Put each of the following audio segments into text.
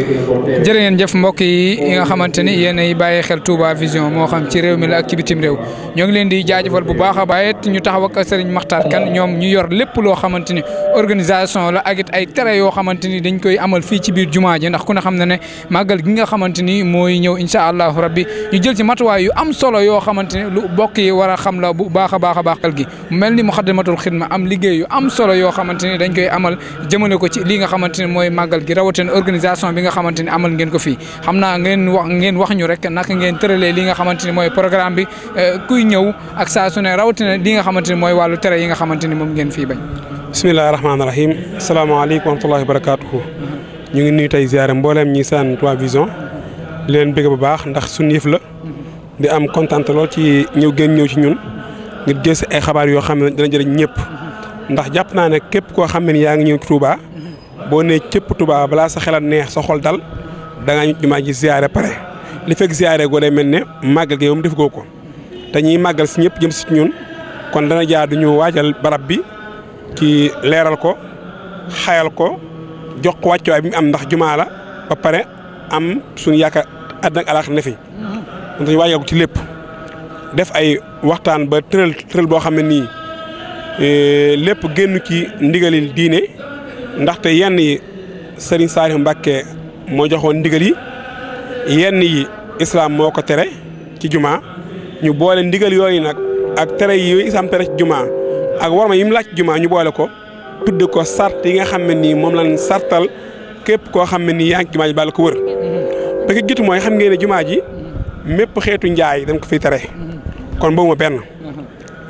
jërë ngeen jëf i yi nga xamante ni yéen ay bàyyi xel Touba Vision moo xam ci réew mi la ak ci bitim ñoo leen di jaajëfal bu a yoo xamante ni dañ koy amal fii ci biir jumaa ji ndax ku ne xam na ne màggal gi nga xamante ni mooy ñëw incha allahu rabbi ñu jël ci matuwaay yu am solo yoo lu bokk yi war a xam la bu baax a a baaxal gi mel ni Muxaddamatul Xidma am liggéey yu am solo yoo xamante ni dañ koy amal jëmale ko ci li nga xamante mooy màggal gi rawatina organisation bi nga ni amal ngeen ko fii xam naa ngeen wax ngeen wax ñu rek naka ngeen tëralee li nga xamante ni mooy programme bi euh, kuy ñëw ak saa su ne rawatina li nga xamante ni mooy wàllu tere yi nga xamante ni moom ngeen fii bañ bisimilahi rahmaani rahim asalaamaaleykum wa rahmatullahi wa barakatuhu ñu ngi nuyu tey ziare mbooleem ñi saan 3 vision leen bëgg bu baax ndax suñu yëf la di am kontaan lool ci ñëw gën ñëw ci ñun ngir gëstu ay xabaar yoo xam ne dana jëriñ ñëpp ndax jàpp naa ne képp koo xam ne yaa ngi ñëw ci boo ne cëpp Touba balaa sa xel neex sa xol dal da ngaa jumaa ji ziare pare li fekk ziare goo day mel ne màggal gi moom def goo ko te ñiy màggal si ñëpp jëm si ñun kon dana jaadu ñu waajal barab bi ci leeral ko xayal ko jox ko wàccuwaay bi am ndax jumaa la ba pare am suñ yaakaar àddina ak alaaxira ne fi kon dañu waajal ko ci lépp def ay waxtaan ba tëral tëral boo xam ne nii eh, lépp génn ci ndigalil diine. ndaxte yenn yi sëriñ Saaliu Mbàkke moo joxoon ndigal yi yenn yi islaam moo ko tere ci jumaa ñu boole ndigal yooyu nag ak tere yi islaam tere ci jumaa ak warma yi mu laaj ci jumaa ñu boole ko tudd ko sart yi nga xam ne nii moom lañ sartal képp koo xam ne nii yaa ngi jumaa ji bàll ko wër ba ki mooy xam ngeen jumaa ji mépp xeetu njaay dañ ko fi tere kon boobu ma benn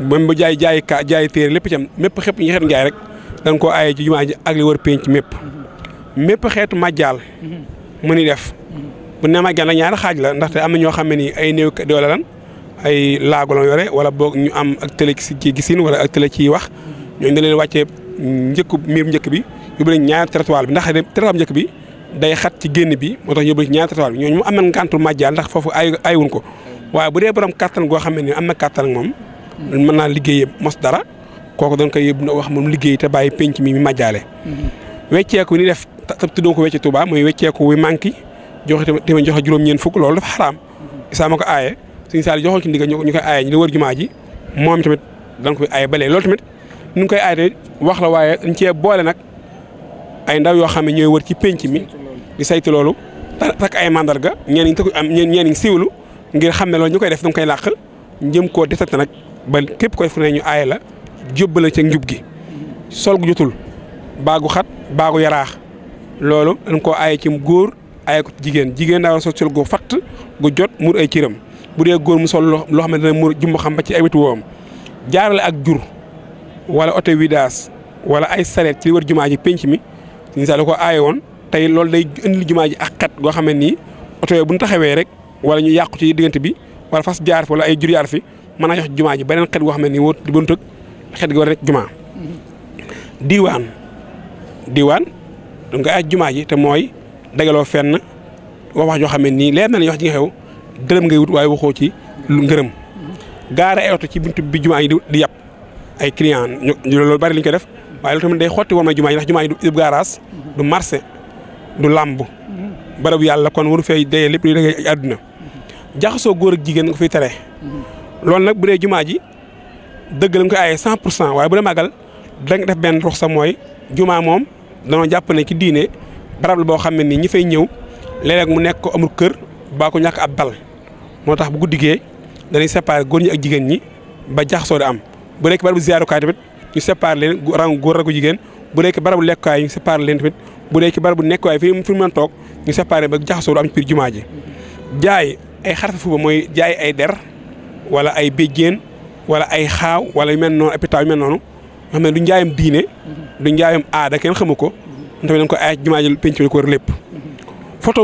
moom bu jaay jaay kaa jaay téere lépp cam mépp am mépp xeetu njaay rek dañ koo aaye ci jumaa ji ak li wër penc mépp mépp xeetu majjaal mu ni def bu ne majjaal nag ñaari xaaj la ndaxte am na ñoo xam ne nii ay néew doole lan ay laago la yore wala boog ñu am ak tële ci gisin wala ak tële ciy wax ñooñu da leen wàccee njëkk miir njëkk bi yóbbu leen ñaari trottoir bi ndax trottoir njëkk bi day xat ci génn bi moo tax yóbbu ci ñaari trottoir bi ñooñu mu am na ngàntul majjaal ndax foofu ay aywun ko waaye bu dee borom kattan goo xam ne nii am na kattan moom mën naa liggéeyee mos dara kooku doon koy yëb wax moom liggéey te bàyyi penc mi mi màjjaale wecceeku ni def te doo ko wecce tubaab mooy wecceeku wi manqué joxe tamit joxe juróom-ñeen fukk loolu dafa xaraam isaama ko aaye suñu saali joxoon ci ndigal ñu koy aaye ñu di wër jumaa ji moom tamit dañ koy aaye balee loolu tamit ngi koy aaye wax la waaye dañ cee boole nag ay ndaw yoo xam ne ñooy wër ci penc mi di saytu loolu takk ay mandarga ñeen ñi takku am ñeen ñi siwlu ngir xam ne loolu ñu koy def danga koy làq jëm koo desante nag ba képp koy fu ne ñu aaye la jóbbale ci njub gi sol gu jotul baagu xat baagu yaraax loolu dañ koo aaye ci góor aaye ko jigéen jigéen daa war sol gu fatt gu jot muur ay ciram bu dee góor mu sol loo xam ne dana mur jumba xam ba ci ay wetu woom jaarale ak jur wala oto vidange wala ay sareet ci li wër jumaa ji pénc mi ñu sax da ko aaye woon tey loolu day indil jumaa ji ak xat goo xam ne nii oto yooyu bu ñu taxawee rek wala ñu yàqu ci diggante bi wala fas jaar fi wala ay jur jaar fi mën naa jox jumaa ji beneen xet goo xam ne nii wóot xet gi war rek jumaa diwaan diwaan donc nga aj jumaa ji te mooy dagaloo fenn wax wax joo xam ne nii leer na la wax ji nga xew dërëm nga wut waaye waxoo ci lu ngërëm gaare ay oto ci bunt bi jumaa yi di yàpp ay client ñu loolu bari li ko def waaye loolu tamit day xotti war may jumaa yi ndax jumaa yi du gaaraas du marché du làmb barabu yàlla kon waru fay dee lépp luy dangay àdduna jaxasoo góor ak jigéen nga fiy tere loolu nag bu dee jumaa ji dëgg lañ koy aaye cent pour cent waaye bu dee màggal danga def benn sa mooy jumaa moom danoo jàpp ne ci diine barab la boo xam ne nii ñi fay ñëw léeg mu nekk ko amul kër baa ko ñàkk ab dal moo tax bu guddigee dañuy séparer góor ñi ak jigéen ñi ba jaxasoo di am bu nekk barabu ziyaarukaay tamit ñu séparer leen rang góor ak jigéen bu nekk barabu lekkukaay ñu séparer leen tamit bu nekk barabu nekkuwaay fii fi mu mën toog ñu séparer ba jaxasoo du am ci biir jumaa ji jaay ay xarfe fuba mooy jaay ay der wala ay béjjéen wala ay xaaw wala yu mel noonu hôpital yu mel noonu nga xam ne du njaayam diine du njaayam aada kenn xamu ko tamit dañ ko ay ci jumaa ji penc bi ko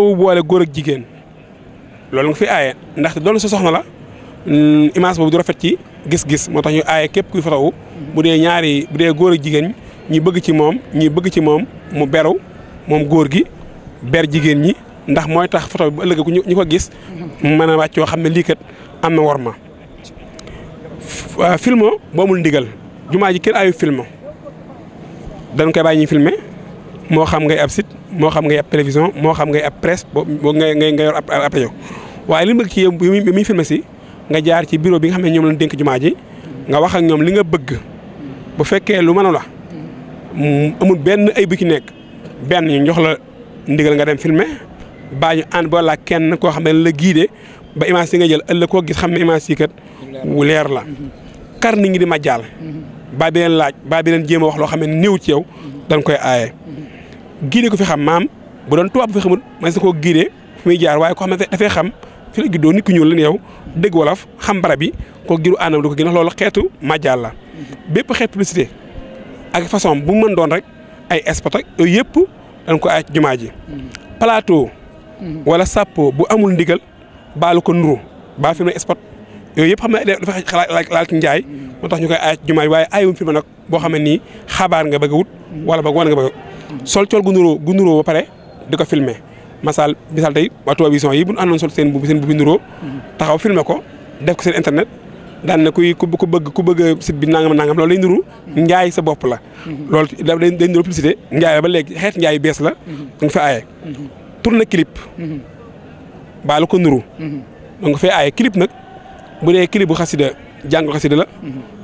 wu boole góor jigéen loolu fi aaye ndaxte doon sa soxna la mm, image boobu du rafet ci gis-gis moo képp kuy photo wu bu dee ñaari góor ak jigéen ñi bëgg ci moom ñi bëgg ci moom mu beru moom góor gi ber jigéen ñi ndax mooy tax photo bi bu ëllëgee ku ñu ko gis mën a wàcc yoo xam ne lii am na wor ma film bu amul ndigal jumaa ji kenn ayu film dañ koy bàyyi ñuy filmer moo xam ngay ab site moo xam ngay ab télévision moo xam ngay ab presse boo ngay ngay nga yor ab rajo waaye li mu bëgg ci yow bi muy filmer si nga jaar ci bureau bi nga xam ne ñoom lañ dénk jumaa ji nga wax ak ñoom li nga bëgg bu fekkee lu mënu la amul benn ay bu ci nekk benn ñu jox la ndigal nga dem filmer baa ñu ànd ba la kenn koo xam ne la guidé ba image yi nga jël ëllëg koo gis xam ne image yi kat wu leer la kar nit ñi di ma jaal baa mm-hmm. bi laaj baa bi leen wax loo xam ne néew ci yow mm-hmm. dañ koy aaye mm-hmm. giide ko fi xam maam bu doon tubaab bu fi xamul man sa koo giide fu muy jaar waaye ko xam ne dafay xam fi la juddoo nit ku ñuul la yow dégg wolof xam barab ko giru anam di ko gën a loolu xeetu ma la bépp xeet publicité ak façon bu mën doon rek ay spot yooyu yëpp dañ ko aaye ci jumaa ji plateau wala sàppo bu amul ndigal baalu ko nuru baa fi mu ne yooyu yëpp xam ne dafa xalaat laal njaay moo tax ñu koy aay ci waaye aayum fi ma nag boo xam ne nii xabaar nga bëgg a wut wala boog wan nga bëgg sol col gu nuróo gu nuróo pare di ko filmé masal misaal tey waa Touba yi bu ñu sol seen bu seen bu bi nuróo taxaw filmé ko def ko seen internet daan na kuy ku bëgg ku bëgg site bi nangam nangam loolu lay nuru njaay sa bopp la loolu day nuru publicité njaay la ba léegi xeet njaay bees la nga fa aaye tourné clip mm-hmm. baa la ko nuru mm-hmm. donc nga fay clip nag bu dee clip bu xasida jàng xasida la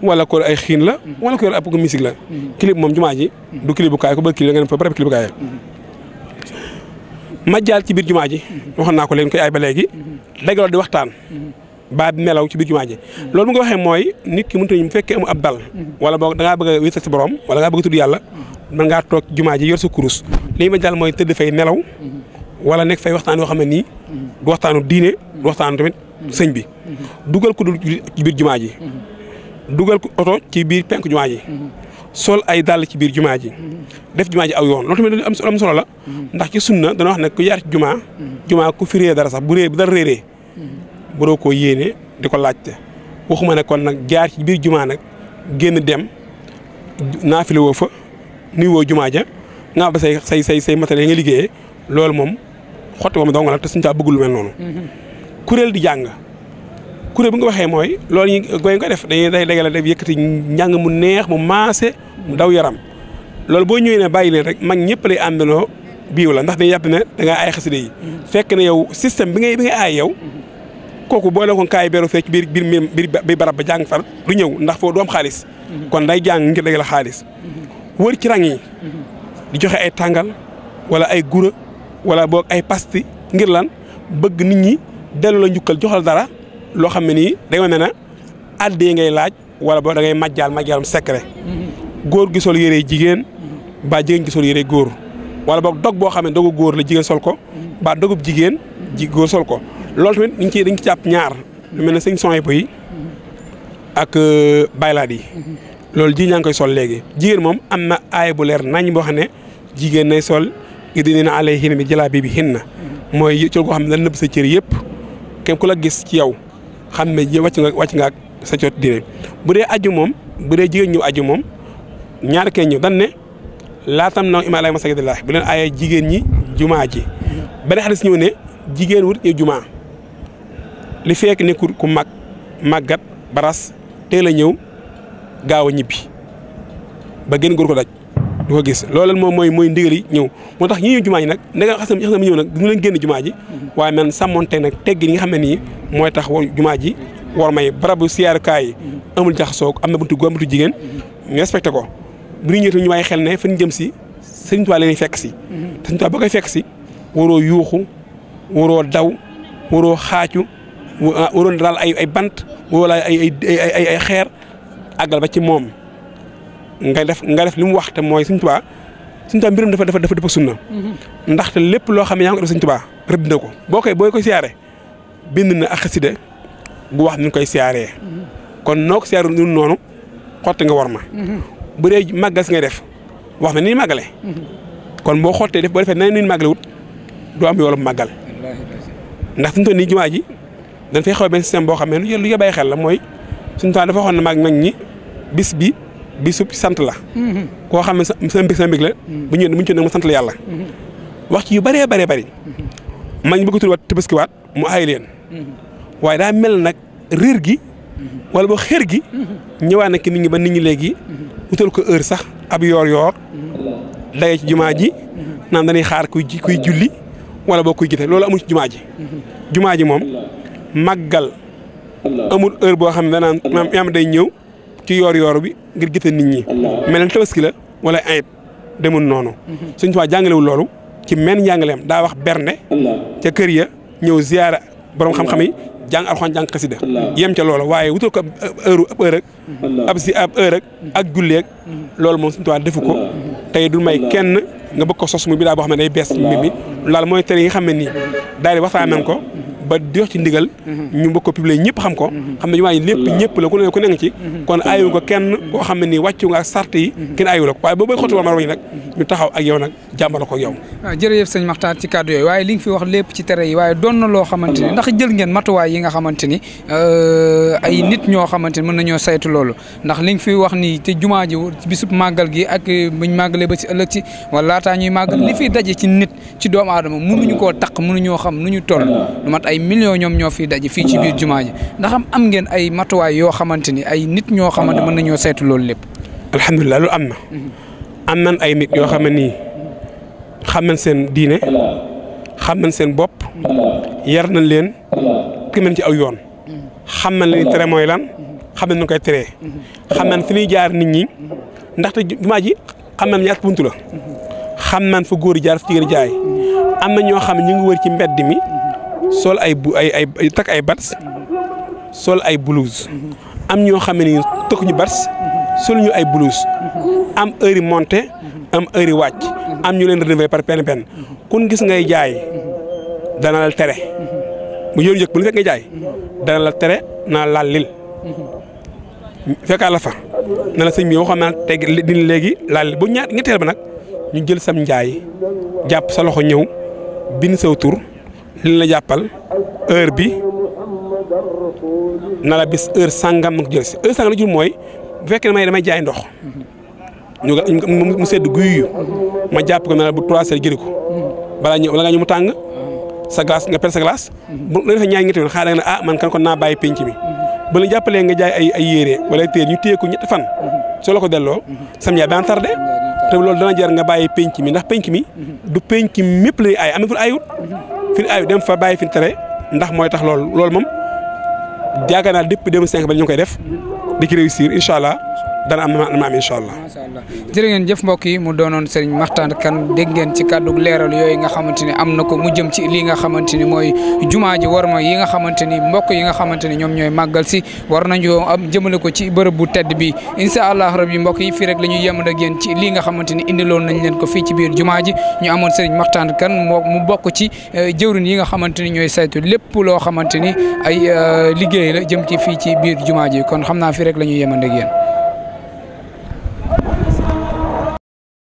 wala ko ay xiin la wala ko yor ab musique la clip moom jumaa ji du clip bu kaay ko ba clip ma jaal ci biir jumaa ji waxoon naa ko leen koy ay ba léegi dagaloo di waxtaan baat nelaw ci biir jumaa ji loolu mu nga waxee mooy nit ki mënut a mu fekkee amu ab dal wala boo da ngaa bëgg a wéetal si borom wala da ngaa bëgg a tudd yàlla mën ngaa toog jumaa ji yor sa kurus li ma jàll mooy tëdd fay nelaw wala nekk fay waxtaan yoo xam ne nii du waxtaanu diine du waxtaanu tamit sëñ bi dugal ko dul ci biir jumaa ji dugal ko oto ci biir penk jumaa ji sol ay dàll ci biir jumaa ji def jumaa ji aw yoon loolu tamit am am solo la ndax ci sunna dana wax ne ku yar ci jumaa jumaa dara sax bu réer bu dara réeree baroo koo yéene di ko laajte waxuma ne kon nag jaar ci biir jumaa nag génn dem naafile woo fa nuyu jumaa ja nga ba say say say say matériel yi nga liggéeyee loolu moom xotti moom dong la te suñu taa bëggul mel noonu kuréel di jàng kuréel bu nga waxee mooy loolu ñu goy nga def dañuy day dagale def yëkkati njàng mu neex mu maase mu daw yaram loolu boo ñëwee ne bàyyi rek mag ñëpp lay àndandoo biiw la ndax dañuy yàpp ne da ay xasida yi fekk ne yow système bi ngay bi ngay aay yow kooku boo la ko kaay beru fee ci biir biir biir barab ba jàng far du ñëw ndax foo doom xaalis kon day jàng ngir dagale xaalis wër ci rang yi di joxe ay tàngal walla ay gura wala boog ay pasti ngir lan bëgg nit ñi dellu la njukkal joxal dara loo xam ne nii day wane na àddee ngay laaj wala boo da ngay majjaal majjaalam secret góor gi sol yére jigéen baa jigéen gi sol yére góor wala boog dog boo xam ne dogu góor la jigéen sol ko baa dogub jigéen ji góor sol ko loolu tamit dañ ciy dañ ñaar mel ne sëñ son yi ak euh, baylaat yi loolu ji ñaa ngi koy sol léegi jigéen moom am na aay bu leer nañ boo xam ne jigéen nay sol na idinina alayhinna bi na mooy col koo xam ne dañ nëbb sa cër yëpp képp ku la gis ci yow xam ne ji wàcc nga wàcc nga ak sa coot diine bu dee aju moom bu dee jigéen ñu aju moom ñaar kee ñëw dan ne laatam naw imaalaay masajidillah bu leen aayee jigéen ñi jumaa ji beneen xadis ñëw ne jigéen wut ñu jumaa li fekk nekkul ku mag màggat baras teel a ñëw gaaw a ñibbi ba gën góor ko daj du gis loolu moom mooy mooy ndigal yi ñëw moo tax ñi ñëw jumaa ji nag ndega xasam xasam ñëw nag du leen génn jumaa ji waaye man sàmmonte nag tegg yi nga xam ne nii mooy tax jumaa ji war may barabu siyaarukaay yi amul jaxasoo am na buntu góor buntu jigéen ñu respecté ko bu ñu ñëwee ñu bàyyi xel ne fa jëm si sëñ Tuubaa la ñuy fekk si te sëñ Tuubaa ba koy fekk si waroo yuuxu waroo daw waroo xaaju waroo daal ay ay bant waroo laal ay xeer àggal ba ci moom nga def nga def li mu wax te mooy Sëñ Tuubaa Sëñ Tuubaa mbirum dafa dafa dafa dëpp sunna ndaxte lépp loo xam ne yaa ngi ko def Sëñ Tuubaa rëdd na ko boo koy boo koy siyaare bind na ak bu wax ni koy siyaaree kon noo ko siyaaree nu noonu xotti nga war ma bu dee màggal si ngay def wax na nii màggale kon boo xottee def boo defee na ni màggale wut doo am yoolu màggal ndax suñu toll nii jumaa ji dañ fay xaw benn système boo xam ne lu yë lu bàyyi xel la mooy suñu temps dafa waxoon na mag mag ñi bis bi bisub sant la. Mm-hmm. koo xam ne sa sa sa mbég la. Mm-hmm. bu ñëwee bu ñu ci nag ma sant la yàlla. Mm-hmm. wax ci yu bëree bëree bari mañ bëgg a tudd tabaskiwaat mu aay leen. waaye daa mel nag riir gi. wala boo xër gi. ñëwaat na ki nit ñi ba nit ñi léegi. utal ko heure sax ab yoor-yoor. daye ci jumaa ji. naan dañuy xaar kuy ji kuy julli. wala boo kuy gite loolu amul ci jumaa ji. jumaa ji moom maggal amul heure boo xam ne danaan maam day ñëw. ci yoor-yoor bi ngir gite nit ñi. mel tabaski la wala ayib demul noonu. Mhm. suñu tubaab jàngalewul loolu ci men njàngaleem daa wax bernde. ca kër ya ñëw ziyaara borom xam-xam yi jàng alxuraan jàng xasida yem ca loolu waaye wutal ko ab heure ab heure ab si ab heure ak mhm. julleeg mhm. loolu moom suñu tubaab defu ko tey du may kenn nga bëgg ko sos mu bi daa boo xam ne day bees mbir mi loolu mooy tere yi xam ne nii daal di waxtaan nañ ko. ba jox ci ndigal ñu mbokk ko publier xam ko xam ne jumaa yi lépp ñëpp la ku ne ku ne nga ci kon ayu ko kenn koo xam ne nii wàccu nga ak sart yi kenn ayu la ko waaye boo bay xottu war ma nag ñu taxaw ak ko ak yow waaw ah, jërëjëf sëñ Maxtaar ci kàddu yooyu waaye li nga fi wax lépp ci tere yi waaye doon na loo xamante ni ndax jël ngeen matuwaay yi nga xamante ni euh, ay nit ñoo xamante ni mën nañoo saytu loolu ndax li fi wax ni ci jumaa ji bisub màggal gi ak buñ màggalee ba ci ëllëg ci wala laataa ñuy màggal li fi daje ci nit ci doomu aadama mënuñu koo taq mënuñoo xam nu ñu toll ay million ñoom ñoo fiy daje fii ci biir jumaa ji ndaxam am ngeen ay matuwaay yoo xamante ni ay nit ñoo xamante mën nañoo saytu loolu lépp. alhamdulilah lu am na. am na ay nit yoo xam ne nii xam nañ seen diine xam nañ seen bopp yar nañ leen ki nañ ci aw yoon. xam nañ li tere mooy lan xam nañ nu koy teree. xam na fi ñuy jaar nit ñi ndaxte jumaa ji xam nañ ñaata bunt la. xam nañ fa góor jaar fi jigéen jaay am na ñoo xam ne ñu ngi wër ci mbedd mi. sol ay bu ay ay takk ay bats sol ay blouse am ñoo xam ne nii takk ñu bats sol ñu ay blouse am heure yi monté am heure yi wàcc am ñu leen renouveler par penn penn kun gis ngay jaay dana la tere mu yoon yëg jaay dana la tere naa laal lil la fa na la sëñ bi waxoon naa teg dina léegi laal bu ñaar ñetteel ba nag ñu jël sam njaay jàpp sa loxo ñëw bind saw tur li la jàppal heure bi naa la bis heure sangam ma ko jël si heure sangam la jur mooy bu fekkee damay damay jaay ndox ñu mu sedd guy ma jàpp ko na la bu trois heures jëri ko balaa ñëw la ñu mu tàng sa glace nga per sa glace bu la defee ñaari ñetti yoon xaaral nga ne ah man kan kon naa bàyyi penc mi ba la jàppalee nga jaay ay ay yére wala téer ñu téye ko ñetti fan soo la ko delloo sam yaay daan tardé te loolu dana jar nga bàyyi penc mi ndax penc mi du penc mépp lay fi ay dem fa bàyyi fi tere ndax mooy tax loolu loolu moom jaakaar naa depuis senk ba ñu koy def di ci réussir incha allah dana am na am incha jërë ngeen jëf mbokk yi mu doonoon Serigne Makhtar kan dégg ngeen ci kàddu leeral yooyu nga xamante ni am na ko mu jëm ci lii nga xamante ni mooy jumaa ji war ma yi nga xamante ni mbokk yi nga xamante ni ñoom ñooy màggal si war nañu am jëmale ko ci bërëb bu tedd bi incha allah rabbi mbokk yi fii rek la ñuy yemal ak ci lii nga xamante ni indiloon nañ leen ko fii ci biir jumaa ji ñu amoon Serigne Makhtar kan moo mu bokk ci eh, jëwrin yi nga xamante ni ñooy saytu lépp loo xamante ni ay eh, liggéey la jëm ci fii ci biir jumaa ji kon xam naa fi rek la ñuy yemal ak